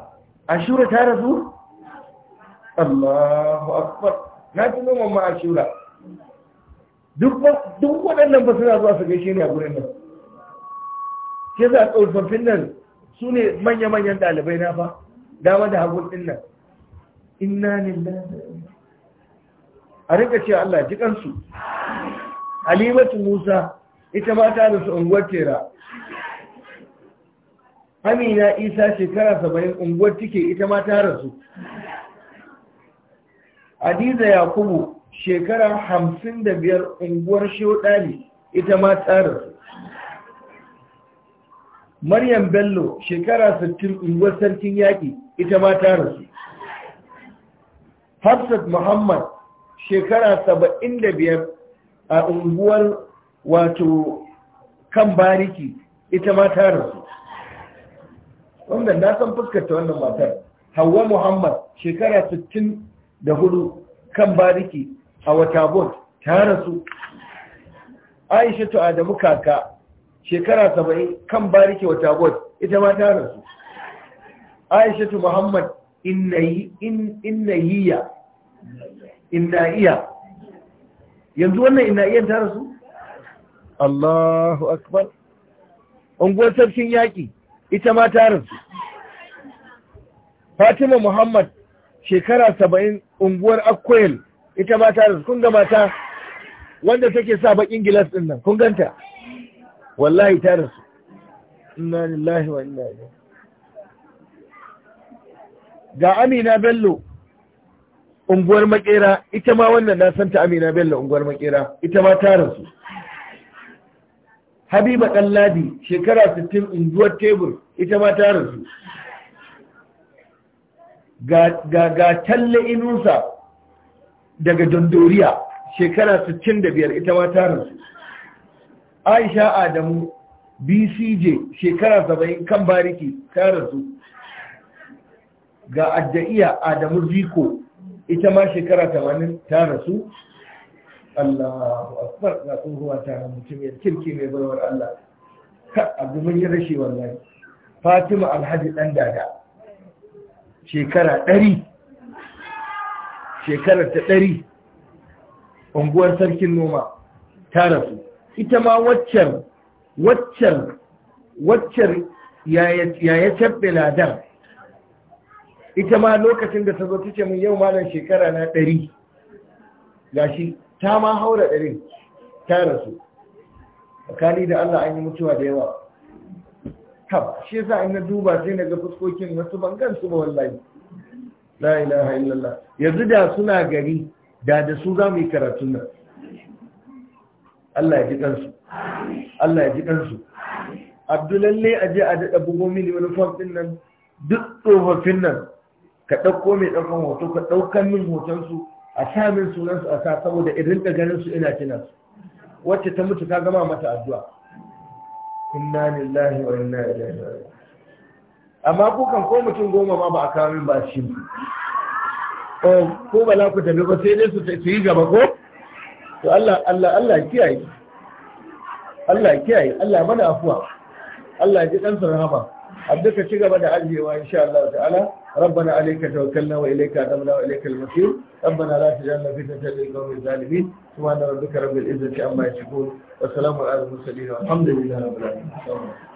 ashura ta rasu allahu akbar na fi noman ma a shura. duk waɗannan ba suna zuwa su gaishe ne a gurin nan ke za tsofaffin nan su ne manya-manyan ɗalibai na fa dama da hagun ɗin nan inna lillahi a rika ce Allah ji kansu halimatu musa ita ma ta da unguwar tera amina isa shekara saba'in unguwar take ita ma ta rasu Hadiza Yakubu shekara hamsin da biyar unguwar Shodani ita ma tsarar. Maryam Bello shekara sittin unguwar Sarkin Yaƙi ita ma tsarar. Hafsat Muhammad shekara saba'in da biyar a unguwar wato kan bariki ita ma tsarar. Wanda na san fuskar wannan matar. Hauwa Muhammad shekara sittin. da hudu kan bariki a wata bot ta rasu aisha ta adamu kaka shekara saba'in kan bariki wata bot ita ma ta rasu aisha ta muhammad innayiya innayiya yanzu wannan innayiyan ta rasu allahu akbar unguwar sarkin yaƙi ita ma ta rasu fatima muhammad shekara saba'in unguwar akwel ita ma ta rasu kun ga mata wanda take sa bakin gilas din nan kun ganta wallahi ta rasu inna lillahi wa inna ilaihi ga Amina Bello unguwar makera ita ma wannan na santa Amina Bello unguwar makera ita ma ta rasu Habiba Ɗanladi shekara 60 unguwar tebur ita ma ta rasu ga talle Inusa daga dondoriya shekara 65 ita ma ta rasu aisha adamu bcj shekara 70 kan bariki ta rasu ga adda'iya adamu ziko ita ma shekara 80 ta rasu allahu akbar ga tsohuwa ta mutum ya kirki mai baiwar allah ka abu mun yi rashe wallahi fatima alhaji dan dada shekara ɗari shekarar ta ɗari unguwar sarkin noma ta rasu ita ma waccan waccan waccan yaya cabbe ladar ita ma lokacin da ta zo ta ce min yau malam shekara na ɗari gashi ta ma haura ɗarin ta rasu tsakani da Allah an yi mutuwa da yawa tab shi yasa in na duba sai na ga fuskokin wasu ban gan su ba wallahi la ilaha illallah yanzu da suna gari da da su za mu yi karatun nan Allah ya ji kansu Allah ya ji kansu Abdulalle a je a daɗa bugo mini uniform ɗin nan duk tsofaffin nan ka ɗauko mai ɗaukan hoto ka ɗaukan min hoton su, a sa min sunan su a sa saboda irin da ganin su ina tina su wacce ta mutu ka gama mata addu'a inna lillahi wa inna ilaihi raji'un amma kukan ko mutum goma ma ba a kawo min ba shi eh, ko ba la ku tafi ba sai dai su yi gaba ko to Allah Allah Allah kiyaye Allah kiyaye Allah mana afuwa Allah ya ji kansa rahama abduka ci gaba da ajiyewa insha Allah ta'ala rabbana alayka tawakkalna wa ilayka adamna wa ilayka al-masir rabbana la tajalna fitnatan lil qawmi adh-dhalimin subhana rabbika rabbil izzati amma yasifun wa salamun ala al-mursalin walhamdulillahi rabbil alamin